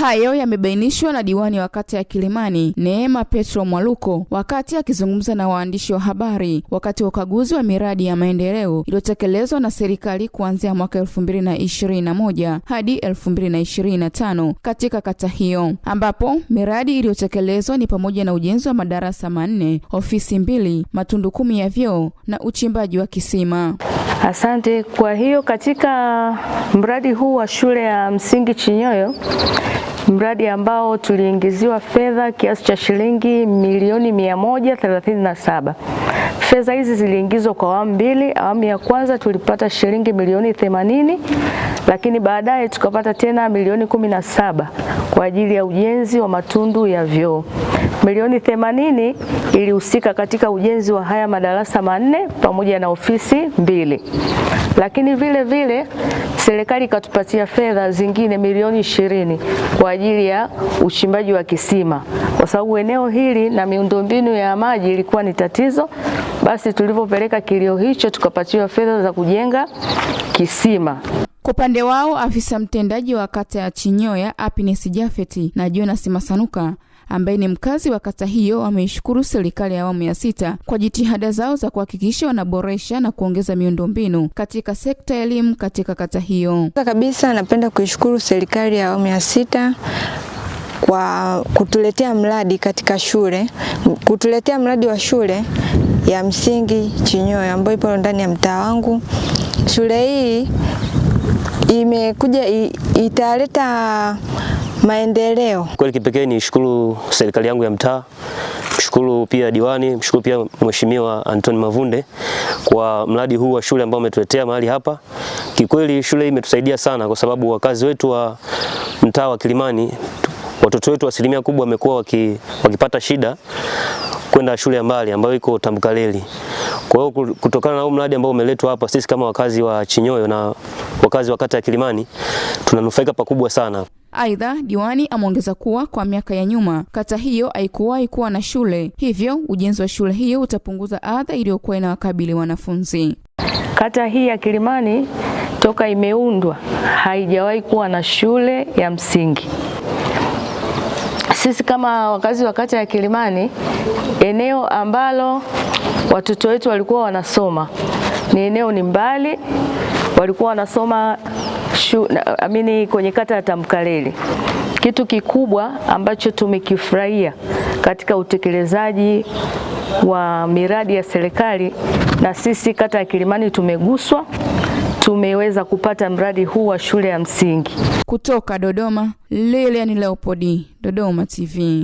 Hayo yamebainishwa na diwani wa kata ya Kilimani Neema Petro Mwaluko wakati akizungumza na waandishi wa habari wakati wa ukaguzi wa miradi ya maendeleo iliyotekelezwa na serikali kuanzia mwaka 2021 hadi 2025 katika kata hiyo, ambapo miradi iliyotekelezwa ni pamoja na ujenzi wa madarasa manne, ofisi mbili, matundu kumi ya vyoo na uchimbaji wa kisima. Asante. Kwa hiyo katika mradi huu wa shule ya msingi Chinyoyo mradi ambao tuliingiziwa fedha kiasi cha shilingi milioni 137. Fedha hizi ziliingizwa kwa awamu mbili. Awamu ya kwanza tulipata shilingi milioni 80, lakini baadaye tukapata tena milioni 17 kwa ajili ya ujenzi wa matundu ya vyoo. Milioni 80 ilihusika katika ujenzi wa haya madarasa manne pamoja na ofisi mbili, lakini vile vile serikali ikatupatia fedha zingine milioni ishirini kwa ajili ya uchimbaji wa kisima, kwa sababu eneo hili na miundombinu ya maji ilikuwa ni tatizo. Basi tulivyopeleka kilio hicho, tukapatiwa fedha za kujenga kisima. Kwa upande wao afisa mtendaji wa kata ya Chinyoya Apines Jafeti na Jonas Masanuka ambaye ni mkazi wa kata hiyo ameishukuru serikali ya awamu ya sita kwa jitihada zao za kuhakikisha wanaboresha na kuongeza miundombinu katika sekta ya elimu katika kata hiyo. Kabisa napenda kuishukuru serikali ya awamu ya sita kwa kutuletea mradi katika shule, kutuletea mradi wa shule ya msingi Chinyoyo ambayo ipo ndani ya mtaa wangu. Shule hii imekuja italeta maendeleo. Kweli kipekee ni shukuru serikali yangu ya mtaa, mshukuru pia diwani, mshukuru pia Mheshimiwa Anton Mavunde kwa mradi huu wa shule ambao umetuletea mahali hapa. Kikweli shule hii imetusaidia sana kwa sababu wakazi wetu wa mtaa wa Kilimani, watoto wetu asilimia kubwa wamekuwa waki, wakipata shida kwenda shule ya mbali ambayo iko Tambukareli. Kwa hiyo kutokana na huu mradi ambao umeletwa hapa, sisi kama wakazi wa Chinyoyo na wakazi wa kata ya Kilimani tunanufaika pakubwa sana. Aidha, diwani ameongeza kuwa kwa miaka ya nyuma kata hiyo haikuwahi kuwa na shule, hivyo ujenzi wa shule hiyo utapunguza adha iliyokuwa inawakabili wanafunzi. Kata hii ya Kilimani toka imeundwa haijawahi kuwa na shule ya msingi. Sisi kama wakazi wa kata ya Kilimani, eneo ambalo watoto wetu walikuwa wanasoma ni eneo ni mbali, walikuwa wanasoma amini kwenye kata ya Tamkaleli kitu kikubwa ambacho tumekifurahia katika utekelezaji wa miradi ya serikali, na sisi kata ya Kilimani tumeguswa, tumeweza kupata mradi huu wa shule ya msingi. Kutoka Dodoma, Lilian Leopoldi, Dodoma TV.